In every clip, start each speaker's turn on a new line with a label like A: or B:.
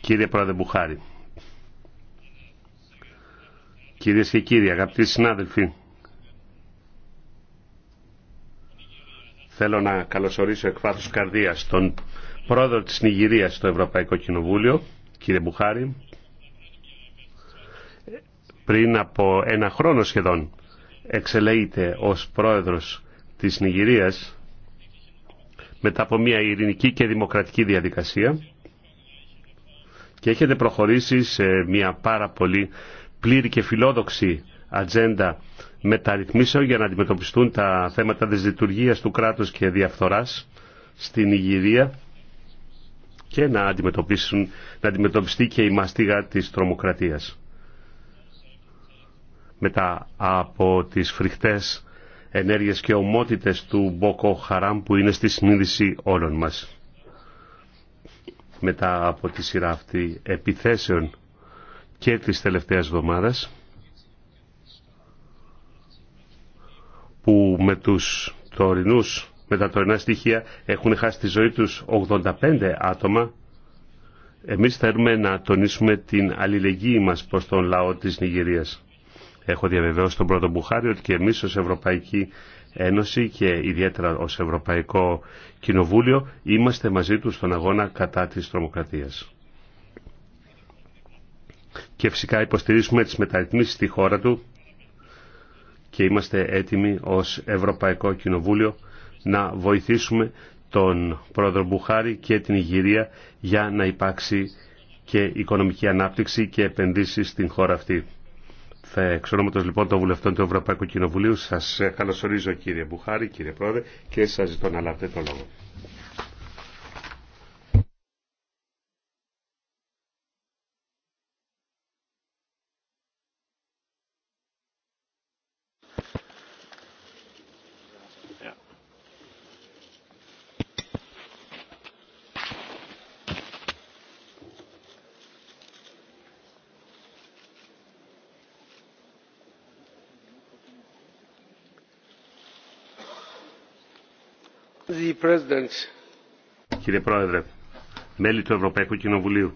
A: Κύριε Πρόεδρε Μπουχάρη, κυρίε και κύριοι, αγαπητοί συνάδελφοι, θέλω να καλωσορίσω εκ βάθου καρδία τον πρόεδρο τη Νιγηρία στο Ευρωπαϊκό Κοινοβούλιο, κύριε Μπουχάρη. Πριν από ένα χρόνο σχεδόν εξελέγεται ως πρόεδρος της Νιγηρίας μετά από μια ειρηνική και δημοκρατική διαδικασία και έχετε προχωρήσει σε μια πάρα πολύ πλήρη και φιλόδοξη ατζέντα μεταρρυθμίσεων για να αντιμετωπιστούν τα θέματα της λειτουργία του κράτους και διαφθοράς στην Ιγυρία και να, αντιμετωπίσουν, να αντιμετωπιστεί και η μαστίγα της τρομοκρατίας. Μετά από τις φρικτές ενέργειες και ομότητες του Μπόκο Χαράμ που είναι στη συνείδηση όλων μας. Μετά από τη σειρά αυτή επιθέσεων και της τελευταίας εβδομάδας που με τους τωρινούς με τα τωρινά στοιχεία έχουν χάσει τη ζωή τους 85 άτομα εμείς θέλουμε να τονίσουμε την αλληλεγγύη μας προς τον λαό της Νιγηρίας Έχω διαβεβαιώσει τον πρώτο Μπουχάρη ότι και εμείς ως Ευρωπαϊκή Ένωση και ιδιαίτερα ως Ευρωπαϊκό Κοινοβούλιο είμαστε μαζί του στον αγώνα κατά της τρομοκρατίας. Και φυσικά υποστηρίζουμε τις μεταρρυθμίσεις στη χώρα του και είμαστε έτοιμοι ως Ευρωπαϊκό Κοινοβούλιο να βοηθήσουμε τον πρόεδρο Μπουχάρη και την Ιγυρία για να υπάρξει και οικονομική ανάπτυξη και επενδύσεις στην χώρα αυτή. Θα εξονόματος λοιπόν των βουλευτών του Ευρωπαϊκού Κοινοβουλίου σας ε, καλωσορίζω κύριε Μπουχάρη, κύριε Πρόεδρε και σας ζητώ να λάβετε το λόγο. Κύριε Πρόεδρε, μέλη του Ευρωπαϊκού Κοινοβουλίου,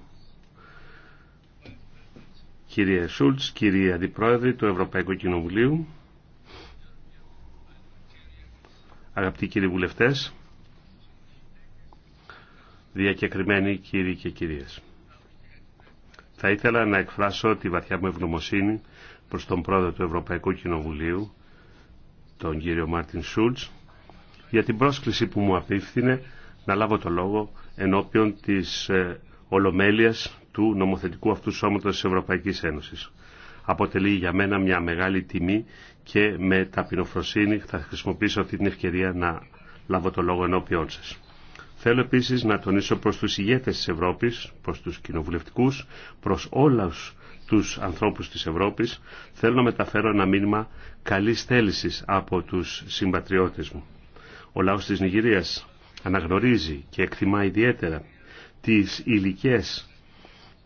A: κύριε Σούλτς, κύριε Αντιπρόεδρε του Ευρωπαϊκού Κοινοβουλίου, αγαπητοί κύριοι βουλευτές, διακεκριμένοι κύριοι και κυρίες. Θα ήθελα να εκφράσω τη βαθιά μου ευγνωμοσύνη προς τον πρόεδρο του Ευρωπαϊκού Κοινοβουλίου, τον κύριο Μάρτιν Σούλτς, για την πρόσκληση που μου απίφθινε να λάβω το λόγο ενώπιον της ε, Ολομέλειας του νομοθετικού αυτού σώματος της Ευρωπαϊκής Ένωσης. Αποτελεί για μένα μια μεγάλη τιμή και με ταπεινοφροσύνη θα χρησιμοποιήσω αυτή την ευκαιρία να λάβω το λόγο ενώπιον σας. Θέλω επίσης να τονίσω προς τους ηγέτες της Ευρώπης, προς τους κοινοβουλευτικούς, προς όλους τους ανθρώπους της Ευρώπης, θέλω να μεταφέρω ένα μήνυμα καλής θέλησης από τους συμπατριώτες μου. Ο λαός της Νιγηρίας αναγνωρίζει και εκτιμά ιδιαίτερα τις υλικέ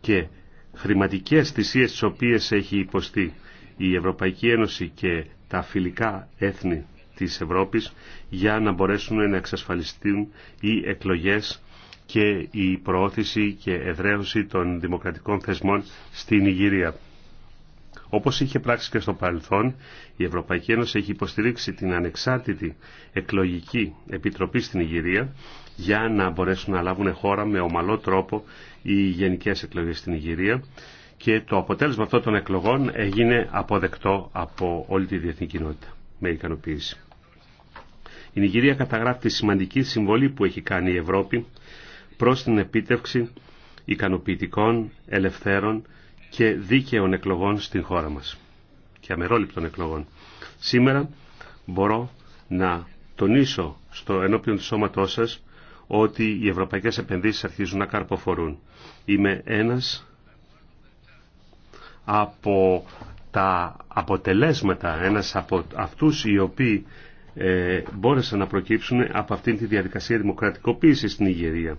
A: και χρηματικές θυσίες τις οποίες έχει υποστεί η Ευρωπαϊκή Ένωση και τα φιλικά έθνη της Ευρώπης για να μπορέσουν να εξασφαλιστούν οι εκλογές και η προώθηση και εδραίωση των δημοκρατικών θεσμών στην Ιγυρία. Όπως είχε πράξει και στο παρελθόν, η Ευρωπαϊκή Ένωση έχει υποστηρίξει την ανεξάρτητη εκλογική επιτροπή στην Ιγυρία για να μπορέσουν να λάβουν χώρα με ομαλό τρόπο οι γενικές εκλογές στην Ιγυρία και το αποτέλεσμα αυτών των εκλογών έγινε αποδεκτό από όλη τη διεθνή κοινότητα με ικανοποίηση. Η Ιγυρία καταγράφει τη σημαντική συμβολή που έχει κάνει η Ευρώπη προς την επίτευξη ικανοποιητικών, ελευθέρων και δίκαιων εκλογών στην χώρα μας και αμερόληπτων εκλογών. Σήμερα μπορώ να τονίσω στο ενώπιον του σώματός σας ότι οι ευρωπαϊκές επενδύσεις αρχίζουν να καρποφορούν. Είμαι ένας από τα αποτελέσματα, ένας από αυτούς οι οποίοι ε, μπόρεσαν να προκύψουν από αυτήν τη διαδικασία δημοκρατικοποίησης στην Ιγερία.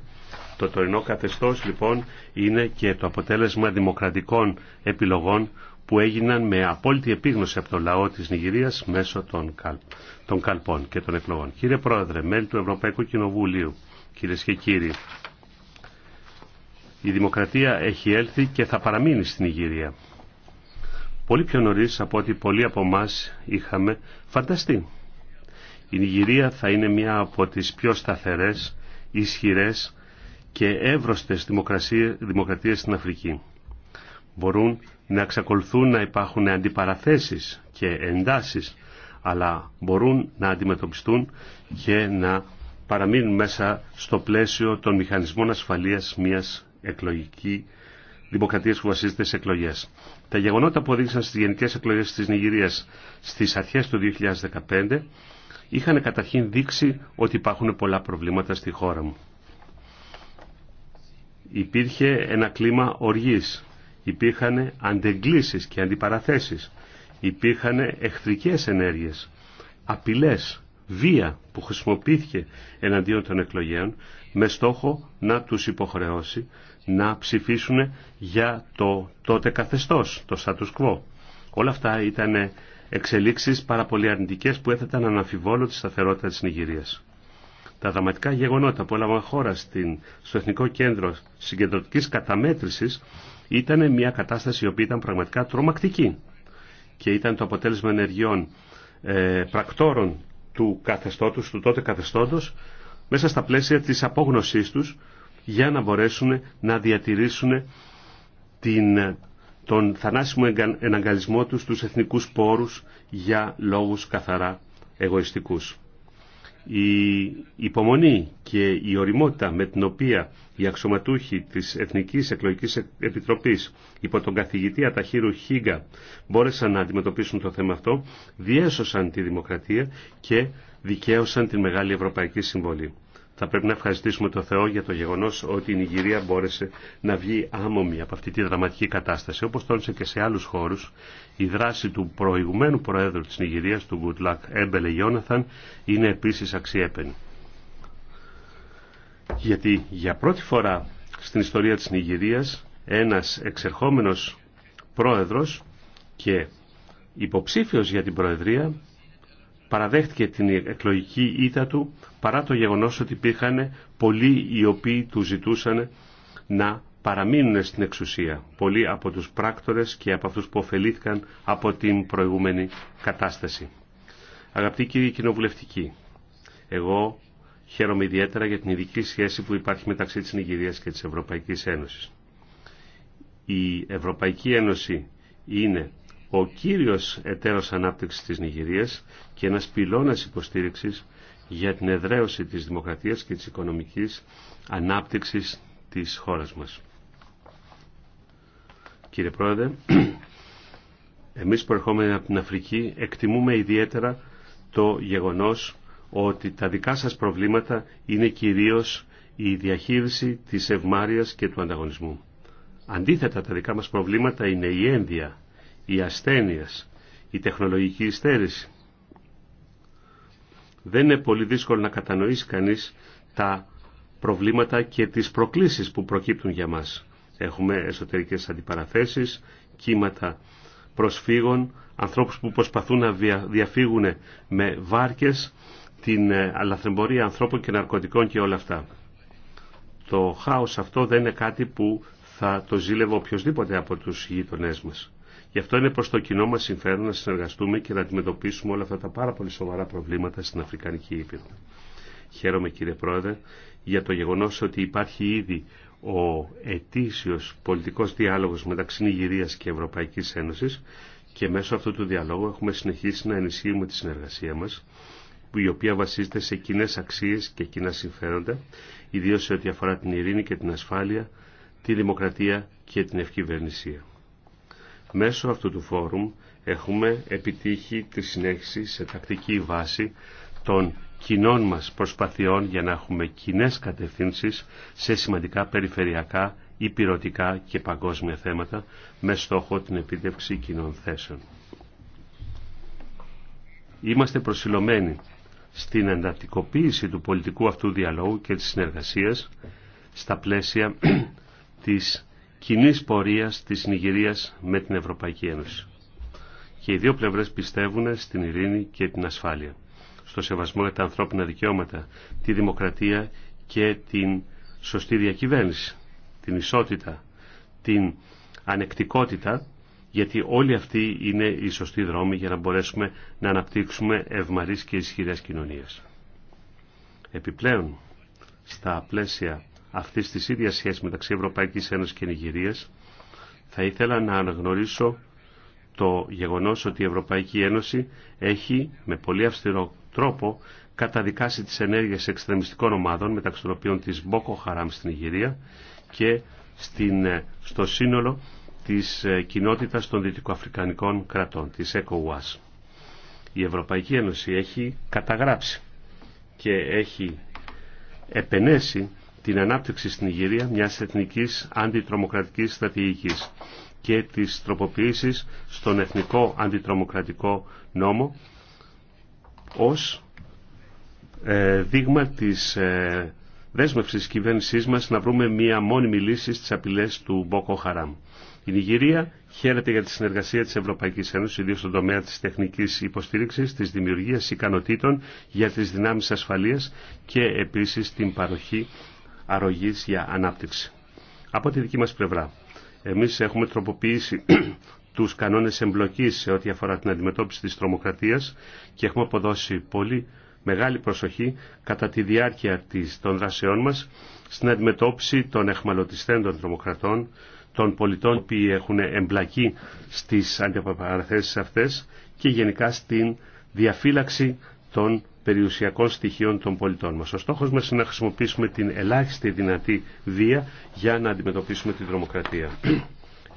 A: Το τωρινό καθεστώς λοιπόν είναι και το αποτέλεσμα δημοκρατικών επιλογών που έγιναν με απόλυτη επίγνωση από το λαό της Νιγηρίας μέσω των, καλ, των καλπών και των εκλογών. Κύριε Πρόεδρε, μέλη του Ευρωπαϊκού Κοινοβουλίου, κύριε και κύριοι, η δημοκρατία έχει έλθει και θα παραμείνει στην Νιγηρία. Πολύ πιο νωρί από ό,τι πολλοί από εμά είχαμε φανταστεί. Η Νιγηρία θα είναι μία από τις πιο σταθερές, ισχυρές και εύρωστες δημοκρατίες στην Αφρική. Μπορούν να εξακολουθούν να υπάρχουν αντιπαραθέσεις και εντάσεις, αλλά μπορούν να αντιμετωπιστούν και να παραμείνουν μέσα στο πλαίσιο των μηχανισμών ασφαλείας μιας εκλογική δημοκρατία που βασίζεται σε εκλογέ. Τα γεγονότα που οδήγησαν στι γενικέ εκλογέ τη Νιγηρία στι αρχέ του 2015 είχαν καταρχήν δείξει ότι υπάρχουν πολλά προβλήματα στη χώρα μου υπήρχε ένα κλίμα οργής, υπήρχαν αντεγκλήσεις και αντιπαραθέσεις, υπήρχαν εχθρικές ενέργειες, απειλές, βία που χρησιμοποιήθηκε εναντίον των εκλογέων με στόχο να τους υποχρεώσει να ψηφίσουν για το τότε καθεστώς, το status quo. Όλα αυτά ήταν εξελίξεις πάρα πολύ αρνητικές που έθεταν αναμφιβόλο τη σταθερότητα της Νιγηρίας. Τα δραματικά γεγονότα που έλαβαν χώρα στην, στο Εθνικό Κέντρο Συγκεντρωτικής Καταμέτρησης ήταν μια κατάσταση η οποία ήταν πραγματικά τρομακτική και ήταν το αποτέλεσμα ενεργειών ε, πρακτόρων του καθεστώτος, του τότε καθεστώτος, μέσα στα πλαίσια της απόγνωσής τους για να μπορέσουν να διατηρήσουν την, τον θανάσιμο εναγκαλισμό τους στους εθνικούς πόρους για λόγους καθαρά εγωιστικούς η υπομονή και η οριμότητα με την οποία οι αξιωματούχοι της Εθνικής Εκλογικής Επιτροπής υπό τον καθηγητή Αταχύρου Χίγκα μπόρεσαν να αντιμετωπίσουν το θέμα αυτό, διέσωσαν τη δημοκρατία και δικαίωσαν την Μεγάλη Ευρωπαϊκή Συμβολή θα πρέπει να ευχαριστήσουμε το Θεό για το γεγονός ότι η Νιγηρία μπόρεσε να βγει άμομη από αυτή τη δραματική κατάσταση. Όπως τόνισε και σε άλλους χώρου, η δράση του προηγουμένου Προέδρου της Νιγηρίας, του Γκουτλακ Έμπελε Γιώναθαν, είναι επίσης αξιέπαινη. Γιατί για πρώτη φορά στην ιστορία της Νιγηρίας ένας εξερχόμενος πρόεδρος και υποψήφιος για την Προεδρία παραδέχτηκε την εκλογική ήττα του παρά το γεγονός ότι υπήρχαν πολλοί οι οποίοι του ζητούσαν να παραμείνουν στην εξουσία. Πολλοί από τους πράκτορες και από αυτούς που ωφελήθηκαν από την προηγούμενη κατάσταση. Αγαπητοί κύριοι κοινοβουλευτικοί, εγώ χαίρομαι ιδιαίτερα για την ειδική σχέση που υπάρχει μεταξύ της Νιγηρίας και της Ευρωπαϊκής Ένωσης. Η Ευρωπαϊκή Ένωση είναι ο κύριος εταίρος ανάπτυξης της Νιγηρίας και ένας πυλώνας υποστήριξης για την εδραίωση της δημοκρατίας και της οικονομικής ανάπτυξης της χώρας μας. Κύριε Πρόεδρε, εμείς προερχόμενοι από την Αφρική εκτιμούμε ιδιαίτερα το γεγονός ότι τα δικά σας προβλήματα είναι κυρίως η διαχείριση της ευμάρειας και του ανταγωνισμού. Αντίθετα, τα δικά μας προβλήματα είναι η ένδια, η ασθένεια, η τεχνολογική υστέρηση. Δεν είναι πολύ δύσκολο να κατανοήσει κανείς τα προβλήματα και τις προκλήσεις που προκύπτουν για μας. Έχουμε εσωτερικές αντιπαραθέσεις, κύματα προσφύγων, ανθρώπους που προσπαθούν να διαφύγουν με βάρκες, την αλαθρεμπορία ε, ανθρώπων και ναρκωτικών και όλα αυτά. Το χάος αυτό δεν είναι κάτι που θα το ζήλευε οποιοδήποτε από τους γείτονές μας. Γι' αυτό είναι προ το κοινό μα συμφέρον να συνεργαστούμε και να αντιμετωπίσουμε όλα αυτά τα πάρα πολύ σοβαρά προβλήματα στην Αφρικανική Ήπειρο. Χαίρομαι κύριε Πρόεδρε για το γεγονό ότι υπάρχει ήδη ο ετήσιο πολιτικό διάλογο μεταξύ Νιγηρία και Ευρωπαϊκή Ένωση, και μέσω αυτού του διαλόγου έχουμε συνεχίσει να ενισχύουμε τη συνεργασία μα, η οποία βασίζεται σε κοινέ αξίε και κοινά συμφέροντα ιδίω σε ό,τι αφορά την ειρήνη και την ασφάλεια, τη δημοκρατία και την ευκυβερνησία. Μέσω αυτού του φόρουμ έχουμε επιτύχει τη συνέχιση σε τακτική βάση των κοινών μας προσπαθειών για να έχουμε κοινέ κατευθύνσεις σε σημαντικά περιφερειακά, υπηρετικά και παγκόσμια θέματα με στόχο την επίτευξη κοινών θέσεων. Είμαστε προσιλωμένοι στην εντατικοποίηση του πολιτικού αυτού διαλόγου και της συνεργασίας στα πλαίσια της κοινή πορεία της Νιγηρίας με την Ευρωπαϊκή Ένωση. Και οι δύο πλευρές πιστεύουν στην ειρήνη και την ασφάλεια, στο σεβασμό για τα ανθρώπινα δικαιώματα, τη δημοκρατία και την σωστή διακυβέρνηση, την ισότητα, την ανεκτικότητα, γιατί όλοι αυτοί είναι οι σωστοί δρόμοι για να μπορέσουμε να αναπτύξουμε ευμαρείς και ισχυρές κοινωνίες. Επιπλέον, στα πλαίσια αυτής της ίδιας σχέσης μεταξύ Ευρωπαϊκής Ένωσης και Νιγηρίας, θα ήθελα να αναγνωρίσω το γεγονός ότι η Ευρωπαϊκή Ένωση έχει με πολύ αυστηρό τρόπο καταδικάσει τις ενέργειες εξτρεμιστικών ομάδων μεταξύ των οποίων της Μπόκο Χαράμ στην Νιγηρία και στην, ε, στο σύνολο της ε, κοινότητας των δυτικοαφρικανικών κρατών, της ECOWAS. Η Ευρωπαϊκή Ένωση έχει καταγράψει και έχει επενέσει την ανάπτυξη στην Ιγυρία μιας εθνικής αντιτρομοκρατικής στρατηγικής και της τροποποιήσεις στον εθνικό αντιτρομοκρατικό νόμο ως ε, δείγμα της ε, δέσμευση της κυβέρνησή μα να βρούμε μια μόνιμη λύση στι απειλές του Μπόκο Χαράμ. Η Νιγηρία χαίρεται για τη συνεργασία της Ευρωπαϊκής Ένωσης, ιδίω στον τομέα της τεχνικής υποστήριξης, της δημιουργίας ικανοτήτων για τις δυνάμει ασφαλεία και επίση την παροχή αρρωγής για ανάπτυξη. Από τη δική μας πλευρά, εμείς έχουμε τροποποιήσει τους κανόνες εμπλοκής σε ό,τι αφορά την αντιμετώπιση της τρομοκρατίας και έχουμε αποδώσει πολύ μεγάλη προσοχή κατά τη διάρκεια της, των δρασεών μας στην αντιμετώπιση των εχμαλωτιστέντων τρομοκρατών, των πολιτών που έχουν εμπλακεί στις αντιπαραθέσεις αυτές και γενικά στην διαφύλαξη των περιουσιακών στοιχείων των πολιτών μας. Ο στόχος μας είναι να χρησιμοποιήσουμε την ελάχιστη δυνατή βία για να αντιμετωπίσουμε την τρομοκρατία.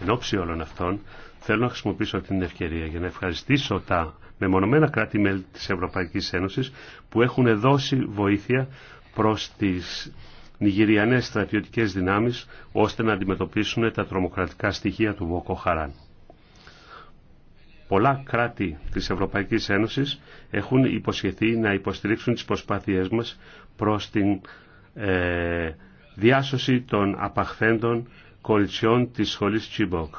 A: Εν ώψη όλων αυτών, θέλω να χρησιμοποιήσω την ευκαιρία για να ευχαριστήσω τα μεμονωμένα κράτη-μέλη της Ευρωπαϊκής Ένωσης που έχουν δώσει βοήθεια προς τις νιγηριανές στρατιωτικές δυνάμεις ώστε να αντιμετωπίσουν τα τρομοκρατικά στοιχεία του Βοκοχαράν. Πολλά κράτη της Ευρωπαϊκής Ένωσης έχουν υποσχεθεί να υποστηρίξουν τις προσπάθειές μας προς την ε, διάσωση των απαχθέντων κοριτσιών της σχολής Τσίμποκ.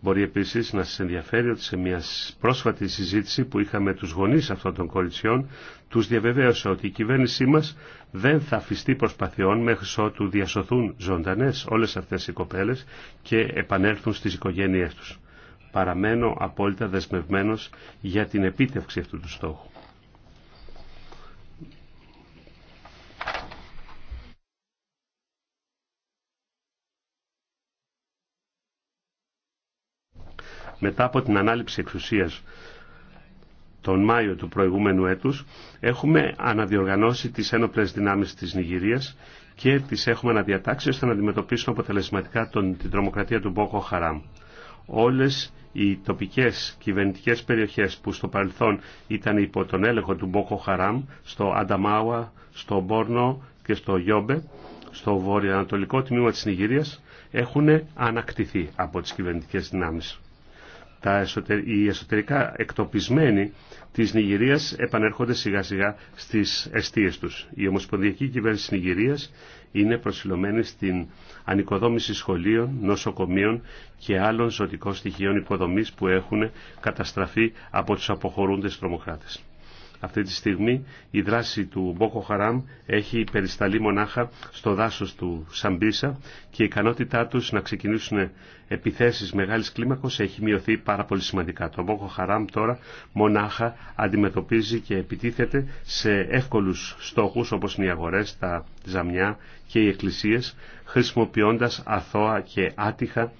A: Μπορεί επίσης να σας ενδιαφέρει ότι σε μια πρόσφατη συζήτηση που είχαμε τους γονείς αυτών των κοριτσιών τους διαβεβαίωσε ότι η κυβέρνησή μας δεν θα αφιστεί προσπαθειών μέχρι ότου διασωθούν ζωντανές όλες αυτές οι κοπέλες και επανέλθουν στις οικογένειές τους παραμένω απόλυτα δεσμευμένος για την επίτευξη αυτού του στόχου. Μετά από την ανάληψη εξουσίας τον Μάιο του προηγούμενου έτους έχουμε αναδιοργανώσει τις ένοπλες δυνάμεις της Νιγηρίας και τις έχουμε αναδιατάξει ώστε να αντιμετωπίσουν αποτελεσματικά τον, την τρομοκρατία του Μπόκο Χαράμ όλες οι τοπικές κυβερνητικές περιοχές που στο παρελθόν ήταν υπό τον έλεγχο του Μπόκο Χαράμ, στο Ανταμάουα, στο Μπόρνο και στο Γιόμπε, στο Ανατολικό τμήμα της Νιγηρίας, έχουν ανακτηθεί από τις κυβερνητικές δυνάμεις τα οι εσωτερικά εκτοπισμένοι της Νιγηρίας επανέρχονται σιγά σιγά στις αιστείες τους. Η Ομοσπονδιακή Κυβέρνηση της Νιγηρίας είναι προσιλωμένη στην ανοικοδόμηση σχολείων, νοσοκομείων και άλλων ζωτικών στοιχείων υποδομής που έχουν καταστραφεί από τους αποχωρούντες τρομοκράτες. Αυτή τη στιγμή η δράση του Μπόκο Χαράμ έχει περισταλεί μονάχα στο δάσος του Σαμπίσα και η ικανότητά τους να ξεκινήσουν επιθέσεις μεγάλης κλίμακος έχει μειωθεί πάρα πολύ σημαντικά. Το Μπόκο Χαράμ τώρα μονάχα αντιμετωπίζει και επιτίθεται σε εύκολους στόχους όπως είναι οι αγορές, τα ζαμιά και οι εκκλησίες χρησιμοποιώντας αθώα και άτυχα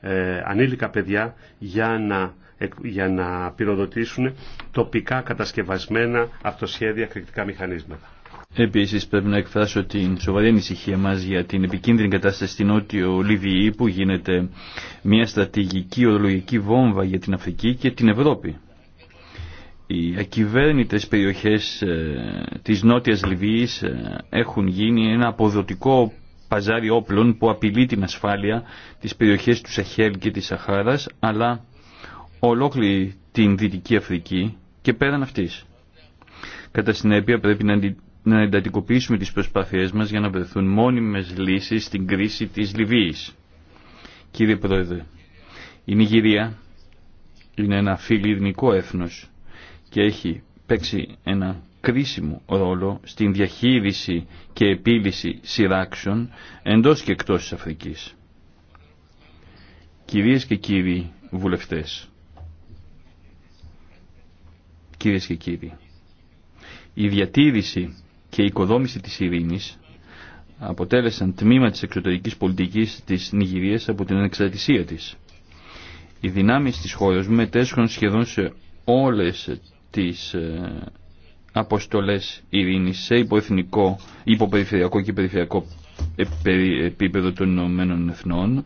A: ε, ανήλικα παιδιά για να για να πυροδοτήσουν τοπικά κατασκευασμένα αυτοσχέδια κριτικά μηχανίσματα.
B: Επίσης πρέπει να εκφράσω την σοβαρή ανησυχία μας για την επικίνδυνη κατάσταση στην Νότιο Λιβύη που γίνεται μια στρατηγική ορολογική βόμβα για την Αφρική και την Ευρώπη. Οι ακυβέρνητες περιοχές ε, της Νότιας Λιβύης ε, έχουν γίνει ένα αποδοτικό παζάρι όπλων που απειλεί την ασφάλεια της περιοχής του Σαχέλ και της Σαχάρα, αλλά ολόκληρη την Δυτική Αφρική και πέραν αυτή. Κατά συνέπεια πρέπει να, εντατικοποιήσουμε τις προσπάθειές μας για να βρεθούν μόνιμες λύσεις στην κρίση της Λιβύης. Κύριε Πρόεδρε, η Νιγηρία είναι ένα φιλιρνικό έθνος και έχει παίξει ένα κρίσιμο ρόλο στην διαχείριση και επίλυση σειράξεων εντός και εκτός της Αφρικής. Κυρίες και κύριοι βουλευτές, Κυρίε και κύριοι, η διατήρηση και η οικοδόμηση της ειρήνης αποτέλεσαν τμήμα της εξωτερικής πολιτικής της Νιγηρίας από την ανεξαρτησία της. Οι δυνάμεις της χώρας μετέσχουν σχεδόν σε όλες τις ε, αποστολές ειρήνης σε υποεθνικό, υποπεριφερειακό και περιφερειακό επίπεδο των Ηνωμένων Εθνών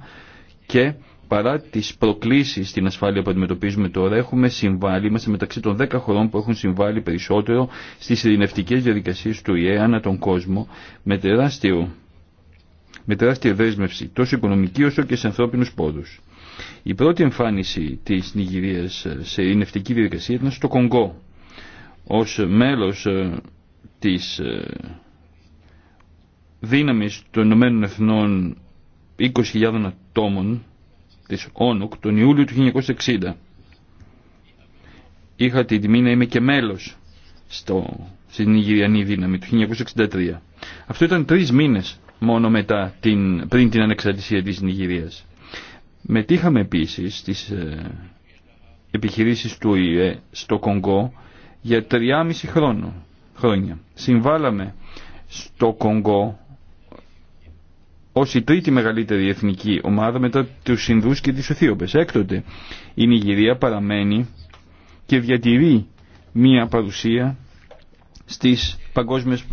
B: και παρά τις προκλήσεις στην ασφάλεια που αντιμετωπίζουμε τώρα, έχουμε συμβάλει, είμαστε μεταξύ των 10 χωρών που έχουν συμβάλει περισσότερο στις ειρηνευτικέ διαδικασίες του ΙΕ ανά τον κόσμο, με, τεράστιο, με τεράστια δέσμευση, τόσο οικονομική όσο και σε ανθρώπινους πόρου. Η πρώτη εμφάνιση τη Νιγηρία σε ειρηνευτική διαδικασία ήταν στο Κονγκό, ω μέλο ε, τη ε, δύναμη των Ηνωμένων 20.000 ατόμων της ΟΝΟΚ τον Ιούλιο του 1960. Είχα την τιμή να είμαι και μέλος στο, στην Ιγυριανή δύναμη του 1963. Αυτό ήταν τρεις μήνες μόνο μετά την, πριν την ανεξαρτησία της Νιγηρίας. Μετήχαμε επίσης στις ε, επιχειρήσεις του ΙΕ στο Κονγκό για 3,5 χρόνο, χρόνια. Συμβάλαμε στο Κονγκό ως η τρίτη μεγαλύτερη εθνική ομάδα μετά του Ινδού και τις Οθίωπε. Έκτοτε η Νιγηρία παραμένει και διατηρεί μία παρουσία στις παγκόσμιες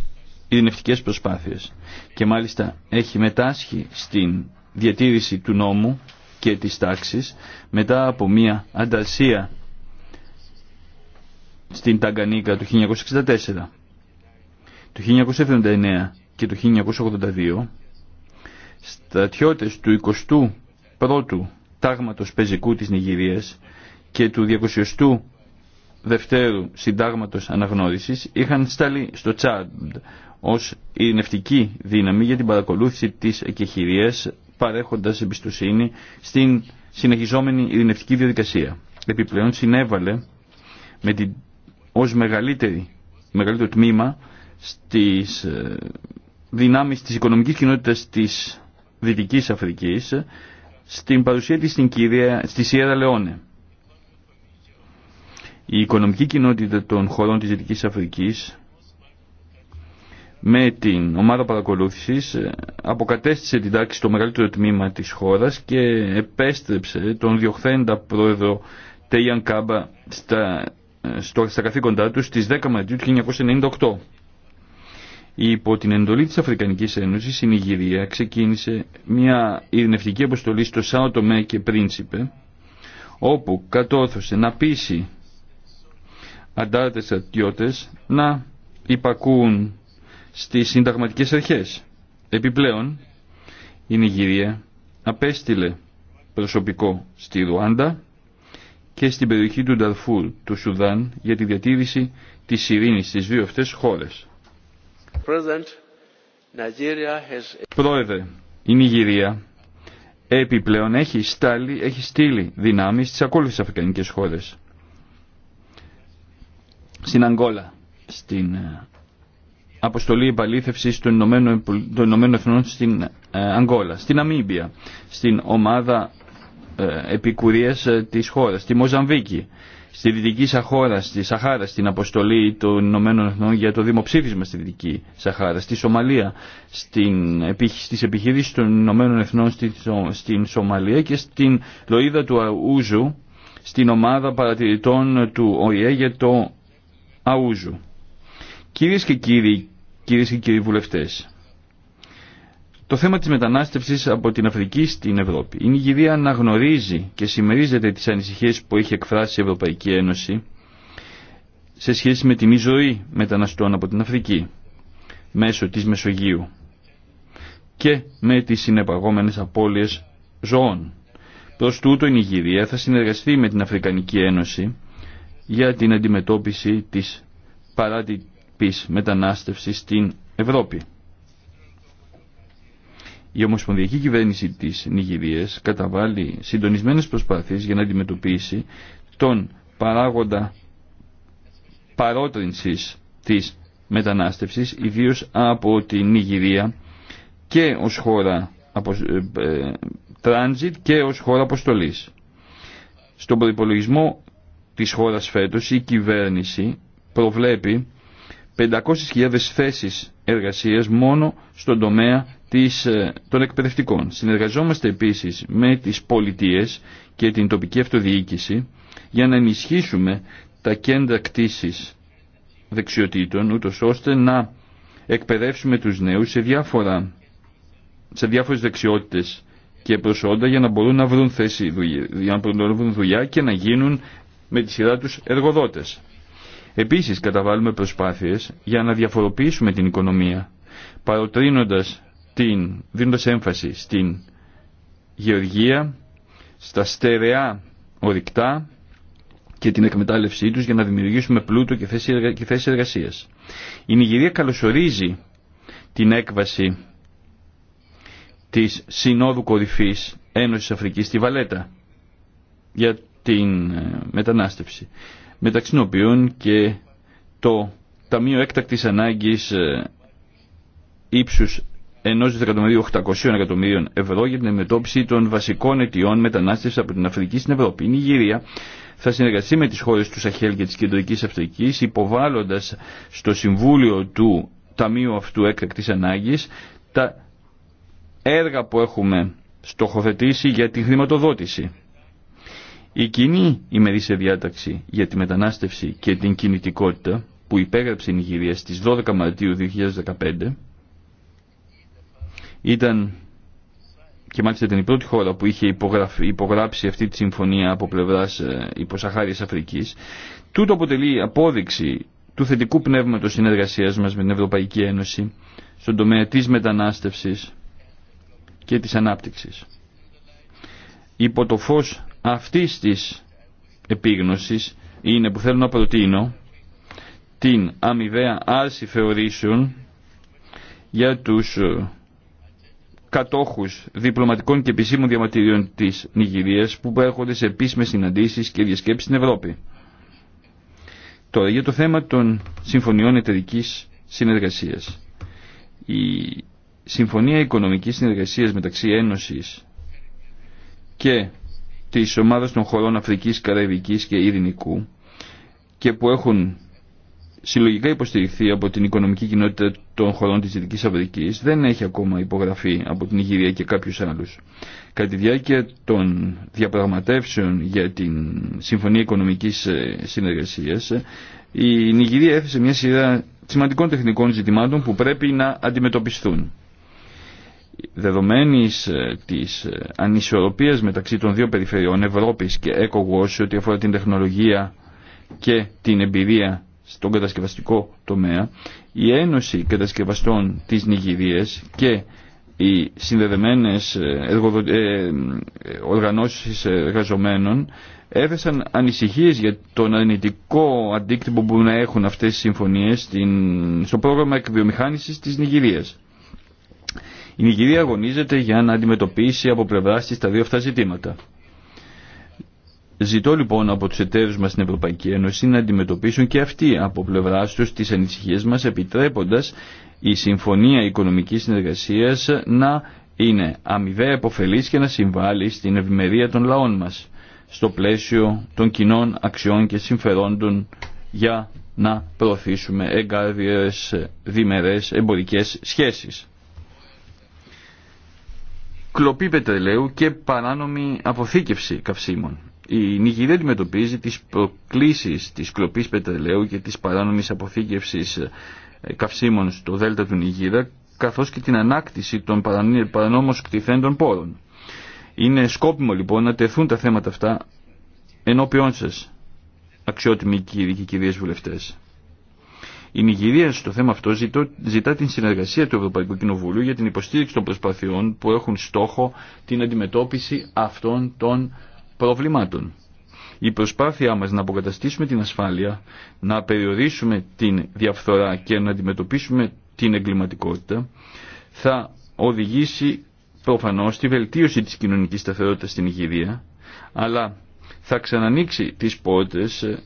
B: ειρηνευτικέ προσπάθειες και μάλιστα έχει μετάσχει στην διατήρηση του νόμου και της τάξης μετά από μία ανταρσία στην Ταγκανίκα το 1964, το 1979 και το 1982 στρατιώτες του 21ου τάγματος πεζικού της Νιγηρίας και του 200ου δευτέρου συντάγματος αναγνώρισης είχαν στάλει στο Τσάντ ως ειρηνευτική δύναμη για την παρακολούθηση της εκεχηρίας παρέχοντας εμπιστοσύνη στην συνεχιζόμενη ειρηνευτική διαδικασία. Επιπλέον συνέβαλε με την, ως μεγαλύτερη, μεγαλύτερο τμήμα στις ε, δυνάμεις της οικονομικής κοινότητας της Δυτικής Αφρικής στην παρουσία της στην στη Σιέρα Λεόνε. Η οικονομική κοινότητα των χωρών της Δυτικής Αφρικής με την ομάδα παρακολούθησης αποκατέστησε την τάξη στο μεγαλύτερο τμήμα της χώρας και επέστρεψε τον διοχθέντα πρόεδρο Τέιαν Κάμπα στα, στα καθήκοντά του στις 10 Μαρτίου του 1998. Υπό την εντολή της Αφρικανικής Ένωσης η Νιγηρία ξεκίνησε μια ειρηνευτική αποστολή στο Σάο Τομέ και Πρίνσιπε όπου κατόρθωσε να πείσει αντάρτες στρατιώτες να υπακούν στις συνταγματικές αρχές. Επιπλέον η Νιγηρία απέστειλε προσωπικό στη Ρουάντα και στην περιοχή του Νταρφούρ του Σουδάν για τη διατήρηση της ειρήνης στις δύο αυτές χώρες. Πρόεδρε, η Νιγηρία επιπλέον έχει, στάλει, έχει στείλει δυνάμεις στις ακόλουθες αφρικανικές χώρες. Στην Αγγόλα, στην ε, αποστολή επαλήθευσης των Ηνωμένων, Εθνών στην ε, Αγγόλα, στην Αμίμπια, στην ομάδα ε, επικουρίας της χώρας, στη Μοζαμβίκη, στη Δυτική Σαχώρα, στη Σαχάρα, στην αποστολή των Ηνωμένων Εθνών για το δημοψήφισμα στη Δυτική Σαχάρα, στη Σομαλία, στην, στις επιχειρήσεις των Ηνωμένων Εθνών στην Σομαλία και στην Λοίδα του Αούζου, στην ομάδα παρατηρητών του ΟΗΕ για το Αούζου. Κυρίε και κύριοι, κυρίες και κύριοι βουλευτές, το θέμα της μετανάστευσης από την Αφρική στην Ευρώπη. Η Νιγηρία αναγνωρίζει και συμμερίζεται τις ανησυχίες που έχει εκφράσει η Ευρωπαϊκή Ένωση σε σχέση με μη ζωή μεταναστών από την Αφρική μέσω της Μεσογείου και με τις συνεπαγόμενες απώλειες ζωών. Προς τούτο η Νιγηρία θα συνεργαστεί με την Αφρικανική Ένωση για την αντιμετώπιση της παράτυπης μετανάστευσης στην Ευρώπη. Η Ομοσπονδιακή Κυβέρνηση της Νιγηρίας καταβάλει συντονισμένες προσπάθειες για να αντιμετωπίσει τον παράγοντα παρότρινσης της μετανάστευσης, ιδίως από την Νιγηρία και ως χώρα τράνζιτ ε, ε, και ως χώρα αποστολής. Στον προϋπολογισμό της χώρας φέτος η κυβέρνηση προβλέπει 500.000 θέσεις εργασίας μόνο στον τομέα της, ε, των εκπαιδευτικών. Συνεργαζόμαστε επίσης με τις πολιτείες και την τοπική αυτοδιοίκηση για να ενισχύσουμε τα κέντρα κτήσης δεξιοτήτων, ούτως ώστε να εκπαιδεύσουμε τους νέους σε, διάφορα, σε διάφορες δεξιότητες και προσόντα για να μπορούν να βρουν θέση για να μπορούν να βρουν δουλειά και να γίνουν με τη σειρά τους εργοδότες. Επίσης καταβάλουμε προσπάθειες για να διαφοροποιήσουμε την οικονομία, παροτρύνοντας στην, δίνοντας έμφαση στην γεωργία, στα στερεά ορυκτά και την εκμετάλλευσή τους για να δημιουργήσουμε πλούτο και θέση εργασίας. Η Νιγηρία καλωσορίζει την έκβαση της Συνόδου Κορυφής Ένωσης Αφρικής στη Βαλέτα για την ε, μετανάστευση, μεταξύ των οποίων και το Ταμείο Έκτακτης Ανάγκης ε, ύψους ενός δισεκατομμυρίου 800 εκατομμυρίων ευρώ για την αντιμετώπιση των βασικών αιτιών μετανάστευσης από την Αφρική στην Ευρώπη. Η Νιγηρία θα συνεργαστεί με τις χώρες του Σαχέλ και της Κεντρικής Αφρικής υποβάλλοντας στο Συμβούλιο του Ταμείου αυτού έκτακτης ανάγκης τα έργα που έχουμε στοχοθετήσει για τη χρηματοδότηση. Η κοινή ημερήσια διάταξη για τη μετανάστευση και την κινητικότητα που υπέγραψε η Νιγηρία στις 12 Μαρτίου 2015 ήταν και μάλιστα ήταν η πρώτη χώρα που είχε υπογράψει αυτή τη συμφωνία από πλευράς ε, υποσαχάριας Αφρικής. Τούτο αποτελεί απόδειξη του θετικού πνεύματος συνεργασίας μας με την Ευρωπαϊκή Ένωση στον τομέα της μετανάστευσης και της ανάπτυξης. Υπό το φως αυτής της επίγνωσης είναι που θέλω να προτείνω την αμοιβαία άρση θεωρήσεων για τους ε, κατόχους διπλωματικών και επισήμων διαμαρτυρίων της Νιγηρίας που προέρχονται σε επίσημες συναντήσεις και διασκέψεις στην Ευρώπη. Τώρα για το θέμα των συμφωνιών εταιρική συνεργασίας. Η Συμφωνία Οικονομικής Συνεργασίας μεταξύ Ένωσης και της Ομάδας των Χωρών Αφρικής, Καραϊβικής και Ειρηνικού και που έχουν συλλογικά υποστηριχθεί από την οικονομική κοινότητα των χωρών της Δυτικής Αφρικής δεν έχει ακόμα υπογραφεί από την Ιγυρία και κάποιους άλλους. Κατά τη διάρκεια των διαπραγματεύσεων για την Συμφωνία Οικονομικής ε, Συνεργασίας η Νιγηρία έθεσε μια σειρά σημαντικών τεχνικών ζητημάτων που πρέπει να αντιμετωπιστούν. Δεδομένης ε, της ε, ανισορροπίας μεταξύ των δύο περιφερειών Ευρώπη και σε ό,τι αφορά την τεχνολογία και την εμπειρία στον κατασκευαστικό τομέα, η Ένωση Κατασκευαστών της Νιγηρίας και οι συνδεδεμένες ε, εργοδο... Ε, ε, οργανώσεις εργαζομένων έδεσαν ανησυχίες για τον αρνητικό αντίκτυπο που μπορούν να έχουν αυτές οι συμφωνίες στο πρόγραμμα εκβιομηχάνησης της Νιγηρίας. Η Νιγηρία αγωνίζεται για να αντιμετωπίσει από πλευρά τα δύο αυτά ζητήματα. Ζητώ λοιπόν από τους εταίρους μας στην Ευρωπαϊκή Ένωση να αντιμετωπίσουν και αυτοί από πλευρά τους τις ανησυχίες μας επιτρέποντας η Συμφωνία Οικονομικής Συνεργασίας να είναι αμοιβαία επωφελής και να συμβάλλει στην ευημερία των λαών μας στο πλαίσιο των κοινών αξιών και συμφερόντων για να προωθήσουμε εγκάρδιες διμερές εμπορικές σχέσεις. Κλοπή πετρελαίου και παράνομη αποθήκευση καυσίμων. Η Νιγηρία αντιμετωπίζει τις προκλήσεις της κλοπής πετρελαίου και της παράνομης αποθήκευσης ε, καυσίμων στο δέλτα του Νιγήρα, καθώς και την ανάκτηση των παρανόμως κτηθέντων πόρων. Είναι σκόπιμο λοιπόν να τεθούν τα θέματα αυτά ενώπιόν σας, αξιότιμοι κύριοι και κυρίες βουλευτές. Η Νιγηρία στο θέμα αυτό ζητά την συνεργασία του Ευρωπαϊκού Κοινοβουλίου για την υποστήριξη των προσπαθειών που έχουν στόχο την αντιμετώπιση αυτών των προβλημάτων. Η προσπάθειά μας να αποκαταστήσουμε την ασφάλεια, να περιορίσουμε την διαφθορά και να αντιμετωπίσουμε την εγκληματικότητα θα οδηγήσει προφανώς στη βελτίωση της κοινωνικής σταθερότητας στην Ιγυρία, αλλά θα ξανανοίξει τις πόρτες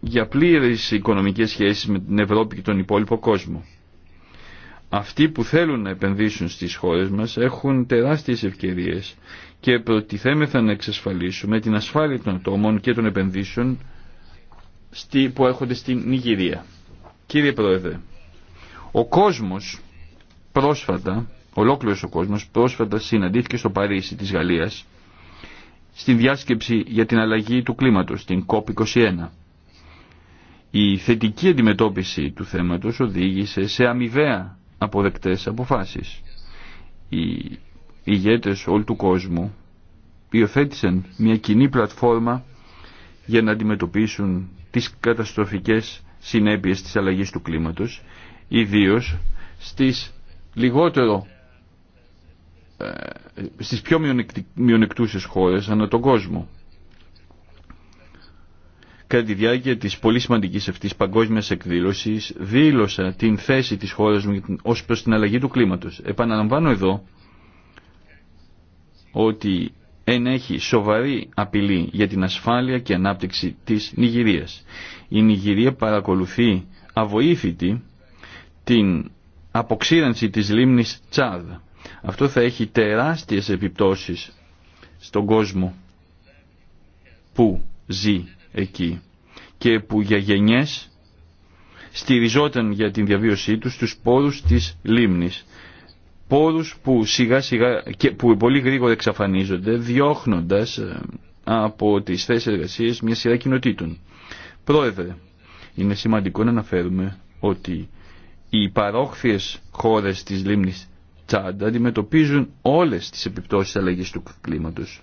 B: για πλήρες οικονομικές σχέσεις με την Ευρώπη και τον υπόλοιπο κόσμο αυτοί που θέλουν να επενδύσουν στις χώρες μας έχουν τεράστιες ευκαιρίες και προτιθέμεθα να εξασφαλίσουμε την ασφάλεια των ατόμων και των επενδύσεων που έρχονται στην Νιγηρία. Κύριε Πρόεδρε, ο κόσμος πρόσφατα, ολόκληρος ο κόσμος πρόσφατα συναντήθηκε στο Παρίσι της Γαλλίας στη διάσκεψη για την αλλαγή του κλίματος, την COP21. Η θετική αντιμετώπιση του θέματος οδήγησε σε αμοιβαία αποδεκτές αποφάσεις. Οι ηγέτες όλου του κόσμου υιοθέτησαν μια κοινή πλατφόρμα για να αντιμετωπίσουν τις καταστροφικές συνέπειες της αλλαγής του κλίματος, ιδίως στις λιγότερο ε, στις πιο μειονεκτούσες χώρες ανά τον κόσμο. Κατά τη διάρκεια της πολύ σημαντικής αυτής παγκόσμιας εκδήλωσης δήλωσα την θέση της χώρας μου ως προς την αλλαγή του κλίματος. Επαναλαμβάνω εδώ ότι ενέχει σοβαρή απειλή για την ασφάλεια και ανάπτυξη της Νιγηρίας. Η Νιγηρία παρακολουθεί αβοήθητη την αποξήρανση της λίμνης Τσάδ. Αυτό θα έχει τεράστιες επιπτώσεις στον κόσμο που ζει εκεί και που για γενιές στηριζόταν για την διαβίωσή τους τους πόρους της λίμνης. Πόρους που σιγά σιγά και που πολύ γρήγορα εξαφανίζονται διώχνοντας ε, από τις θέσεις εργασία μια σειρά κοινοτήτων. Πρόεδρε, είναι σημαντικό να αναφέρουμε ότι οι παρόχθιες χώρες της λίμνης Τσάντα αντιμετωπίζουν όλες τις επιπτώσεις αλλαγής του κλίματος.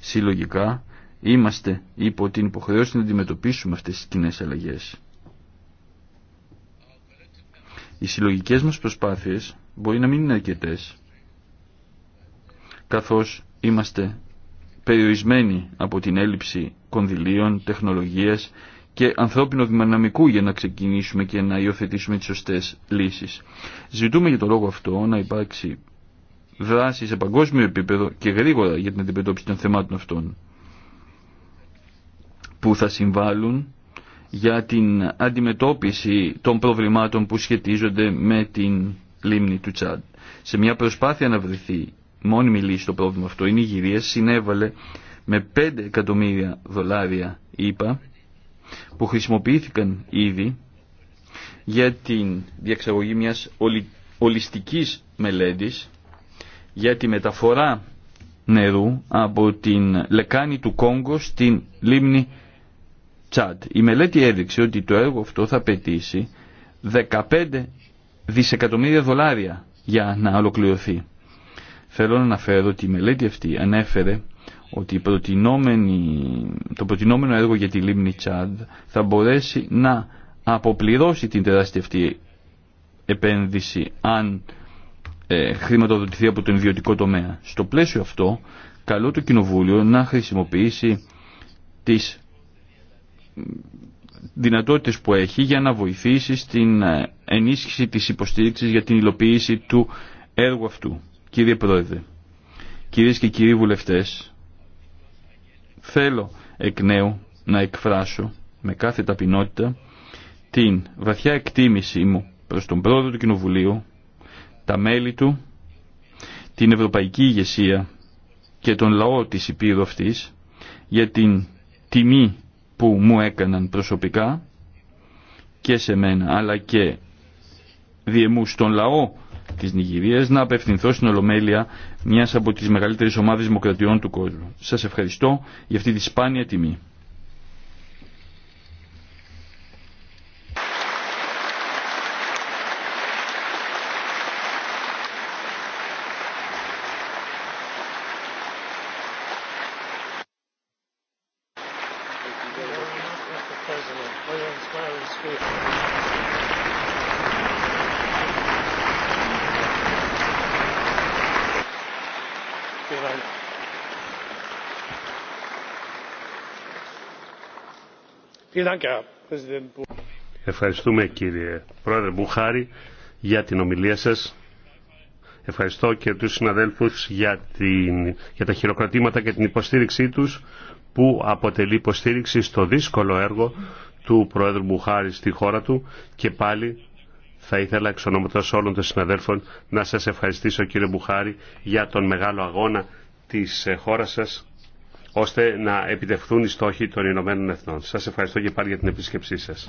B: Συλλογικά είμαστε υπό την υποχρεώση να αντιμετωπίσουμε αυτές τις κοινέ αλλαγέ. Οι συλλογικές μας προσπάθειες μπορεί να μην είναι αρκετές, καθώς είμαστε περιορισμένοι από την έλλειψη κονδυλίων, τεχνολογίας και ανθρώπινο δυναμικού για να ξεκινήσουμε και να υιοθετήσουμε τις σωστές λύσεις. Ζητούμε για το λόγο αυτό να υπάρξει δράση σε παγκόσμιο επίπεδο και γρήγορα για την αντιμετώπιση των θεμάτων αυτών που θα συμβάλλουν για την αντιμετώπιση των προβλημάτων που σχετίζονται με την λίμνη του Τσάντ. Σε μια προσπάθεια να βρεθεί μόνιμη λύση στο πρόβλημα αυτό, η Νιγηρία συνέβαλε με 5 εκατομμύρια δολάρια ΙΠΑ που χρησιμοποιήθηκαν ήδη για την διαξαγωγή μιας ολιστικής μελέτης για τη μεταφορά νερού από την λεκάνη του Κόγκο στην λίμνη Τσάντ. Η μελέτη έδειξε ότι το έργο αυτό θα απαιτήσει 15 δισεκατομμύρια δολάρια για να ολοκληρωθεί. Θέλω να αναφέρω ότι η μελέτη αυτή ανέφερε ότι το προτινόμενο έργο για τη λίμνη Τσάντ θα μπορέσει να αποπληρώσει την τεράστια αυτή επένδυση αν ε, χρηματοδοτηθεί από τον ιδιωτικό τομέα. Στο πλαίσιο αυτό, καλώ το Κοινοβούλιο να χρησιμοποιήσει τις δυνατότητες που έχει για να βοηθήσει στην ε, ενίσχυση της υποστήριξης για την υλοποίηση του έργου αυτού. Κύριε Πρόεδρε, κυρίες και κύριοι βουλευτές, θέλω εκ νέου να εκφράσω με κάθε ταπεινότητα την βαθιά εκτίμησή μου προς τον πρόεδρο του Κοινοβουλίου, τα μέλη του, την ευρωπαϊκή Υγεσία και τον λαό της Υπήρου αυτής για την τιμή που μου έκαναν προσωπικά και σε μένα αλλά και διεμού στον λαό της Νιγηρίας να απευθυνθώ στην Ολομέλεια μιας από τις μεγαλύτερες ομάδες δημοκρατιών του κόσμου. Σας ευχαριστώ για αυτή τη σπάνια τιμή.
A: Ευχαριστούμε κύριε Πρόεδρε Μπουχάρη για την ομιλία σας. Ευχαριστώ και τους συναδέλφους για, την, για τα χειροκροτήματα και την υποστήριξή τους που αποτελεί υποστήριξη στο δύσκολο έργο του Πρόεδρου Μπουχάρη στη χώρα του και πάλι θα ήθελα εξ ονόματος όλων των συναδέλφων να σας ευχαριστήσω κύριε Μπουχάρη για τον μεγάλο αγώνα της ε, χώρας σας ώστε να επιτευχθούν οι στόχοι των Ηνωμένων Εθνών. Σας ευχαριστώ και πάλι για την επίσκεψή σας.